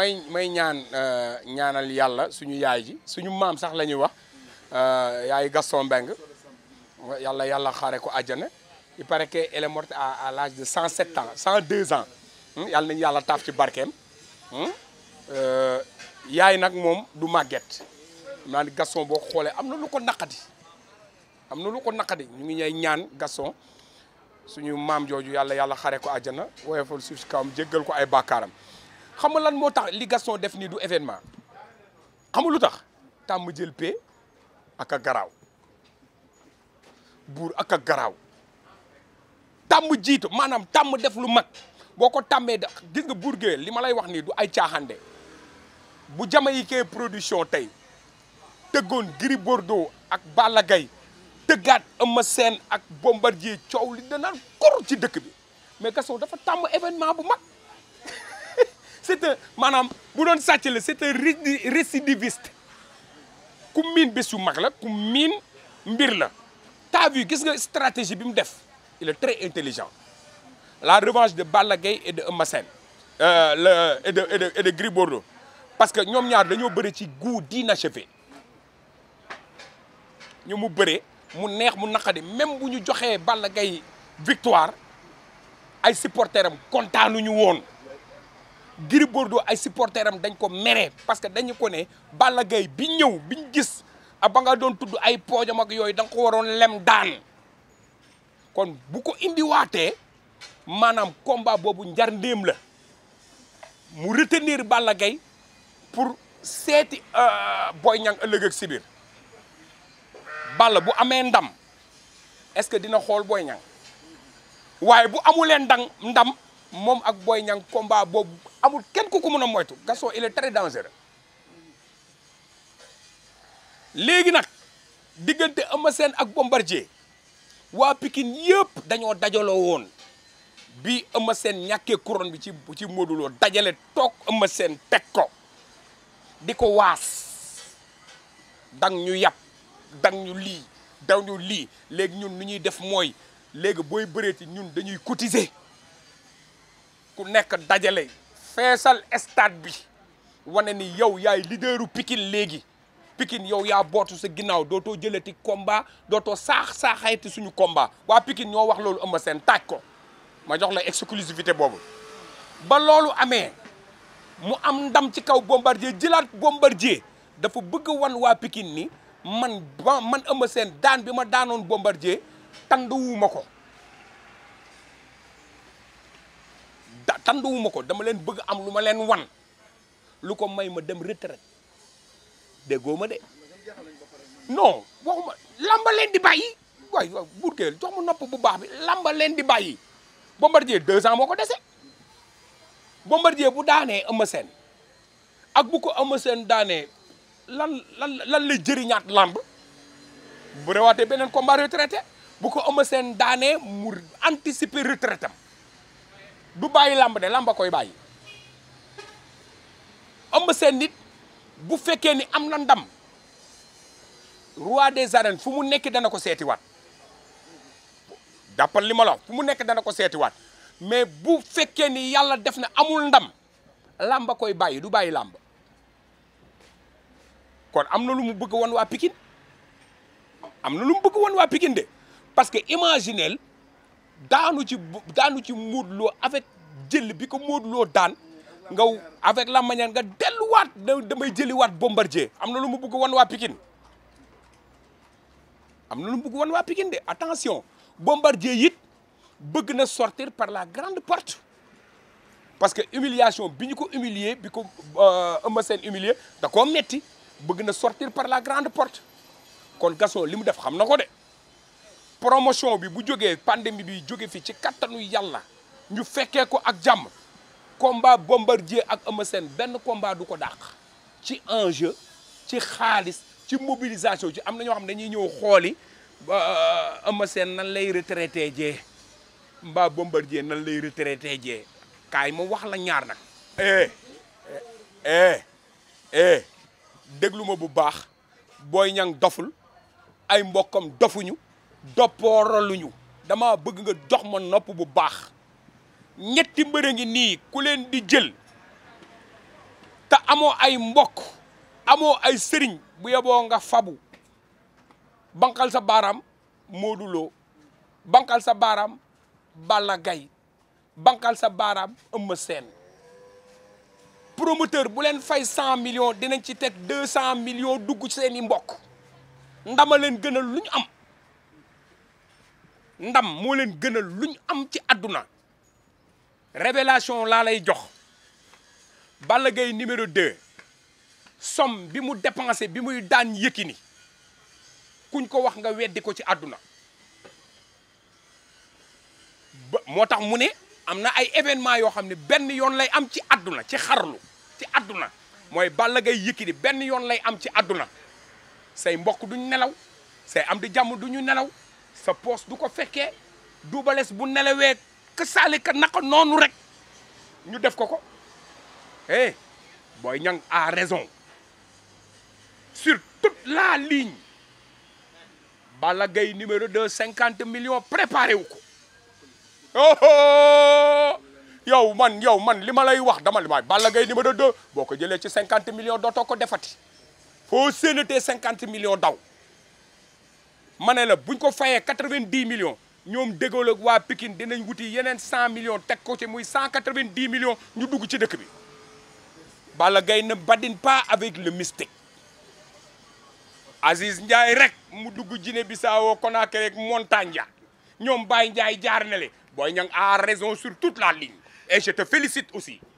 may may ñaan euh, ñaanal yàlla suñu yaay ji suñu maam sax la ñuy wax euh, yaay Gaston Mbengue yàlla yàlla xaare ko àjjana i paraît que elle morte à à l'âge de 107 ans 102 ans hmm, yàlla nañ yàlla taaf ci barkeem hmm, euh, yaay nag moom du màgget naa ni Gaston boo xoolee am na lu ko naqadi am na lu ko naqadi ñu ngi ñay ñaan Gaston suñu maam jooju yàlla yàlla xare ko àjjana woyofal suuf si kawam jéggal ko ay bàkkaaram xam lan mo tax li Gaston def ni du événement xam lu tax jël paie ak a garaaw buur ak a garaaw tàmm jiitu maanaam tàmm def lu mak boko tamé gis nga li wax ni du ay caaxaande bu production tay teggone Gris Bordeaux ak Balla Gaye euma sen ak Bombardier ciow li nan kor ci dëkk bi mais gasson dafa tam événement bu mak c'est un maanaam bu done sàcc c'est un récidiviste ku miin bés yu mag la ku miin mbir la ta vu gis nga stratégie bi mu def il est très intelligent la revanche de Balagay et de Eumeu euh, le et de et de et de Gris Bordeaux parce que ñom ñaar dañu bëri ci goût d'inachevé ñu mu bëree mu neex mu nakadi même bu ñu joxé Balagay victoire ay supporteram ñu won Gris Bordeaux ay supporteram dañ ko meree parce que dañu ko ne Balla Gaye bi ñëw biñ gis a ba nga doon tudd ay poojam ak yooyu da nga ko waroon lem daan kon bu ko indiwaatee maanaam combat boobu njar ndéem la mu retenir Balla Gaye pour seeti euh, Boy Niang ëllëg ak sibir Balla bu amee ndam est-ce que dina xool Boy Niang waaye bu amulee ndam ndam moom ak Boy Niang combat boobu amul kenn ku ko mën a moytu Gaston il est très dangereux léegi nag diggante Eumeu Sène ak Bombardier waa Pikine yëpp dañoo dajaloo woon bi Eumeu Sène ñàkkee couronne bi ci ci Modou Lo dajale toog Eumeu teg ko di ko waas dang ñu yàpp dang ñu lii daw ñu lii léegi ñun nu ñuy def mooy léegi booy bëreeti ñun dañuy cotiser ku nekk dajale feesal stade bi wane ni yow yaay leaderu Pikine léegi Pikine yow yaa bootu sa ginnaaw dootoo jëlati combat dootoo saax saaxayti suñu combat waa pikin ñoo wax loolu ëmb seen taaj ko ma jox la exclusivité boobu ba loolu amee mu am ndam ci kaw Bombardier jëlaat Bombardier dafa bëgg wan waa Pikine ni man ba man ëmb seen daan bi ma daanoon Bombardier tanduwuma ko tanduwuma ko dama leen bëgg am lu ma leen wan lu ko may ma dem retraite déggoo ma de non waxuma lamba leen di bàyyi waay waaw burkeel jox ma nopp bu baax bi lamba leen di bàyyi Bombardier deux ans moo ko dese Bombardier bu daanee Eumeu seen ak bu ko Eumeu seen daanee lan lan lan lay jëriñaat lamb bu rewaatee beneen combat retraité bu ko Eumeu Sène daane mu anticiper retraite am du bàyyi làmb de làmba koy bàyyi ëmb seen nit bu fekkee ni am na ndam roi de arènes fu mu nekk dana ko seetiwaat dàppal li ma fu mu nekk dana ko seetiwaat mais bu fekkee ni yàlla def na amul ndam làmba koy bàyyi du bàyyi lamb kon am na lu mu bëgg woon waa Pikine na lu mu bëgg woon waa de parce que imaginel daanu ci daanu ci Modou Lo avec jël bi ko Modou daan nga avec la manière nga delluwaat damay jëliwaat Bombardier am na lu mu bëgg wan waa Pikine am na lu mu bëgg wan waa Pikine de attention Bombardier it bëgg na sortir par la grande porte parce que humiliation bi ñu ko humilier bi ko euh, Eumeu Sène humilier da koo metti bëgg na sortir par la grande porte kon Gaston li mu def xam na ko de promotion bi bu jógee pandémie bi jóge fi ci kattanu yàlla ñu fekkee ko ak jàmm combat Bombardier ak Eumeu Sène benn combat du ko dàq ci enjeu ci xaalis ci mobilisation ci am na ñoo xam ne dañuy ñëw xooli euh, Eumeu Sène nan lay retraité jee mbaa Bombardier nan lay retraité jee kaay ma wax la ñaar nag eh eh eh déglu ma bu baax booy Niang doful ay mbokkam dofuñu doppooraluñu dama bëgg nga jox ma nopp bu baax ñetti mbër ngi nii ku leen di jël te amoo ay mbokk amoo ay sëriñ bu yeboo nga fabu banqal sa baaraam Modou Lo banqal sa baaraam Balla Gaye banqal sa baaraam Eumeu seen promoteur bu leen fay cent millions dinañ ci teg deux cent millions dugg ci seen i mbokk ndama leen gënal lu ñu am ndam moo leen gënal luñ am ci àdduna révélation laa lay jox Balla Gaye numéro 2 somme bi mu dépensé bi muy daan Yékini kuñ ko wax nga weddi ko ci àdduna ba moo tax mu ne am na ay événement yoo xam ne benn yoon lay am ci àdduna ci xarlu ci àdduna mooy Balla Gaye Yékini benn yoon lay am ci àdduna say mbokk duñ nelaw say am di jàmm duñu nelaw sa poste du ko Double bu nelewé que rek ñu def ko ko eh, Boy a raison sur toute la ligne numéro de 50 millions préparé wu Oh oh yow man yow man lima wax dama numéro 2, boko jëlé ci 50 millions doto ko defati faut 50 50 millions daw ma la buñ ko fayé 90 millions ñom déggoo ak wa Pikine dinañ wuti yenen 100 millions teg ko ci muy 190 millions ñu dugg ci dëkk bi Balla Gaye ne badine pas avec le mystique Aziz Ndiaye rek mu dugg jiné Bissau Conakry ak Montagne ñoom Baye Ndiaye jaar na le booy ñang a raison sur toute la ligne et je te félicite aussi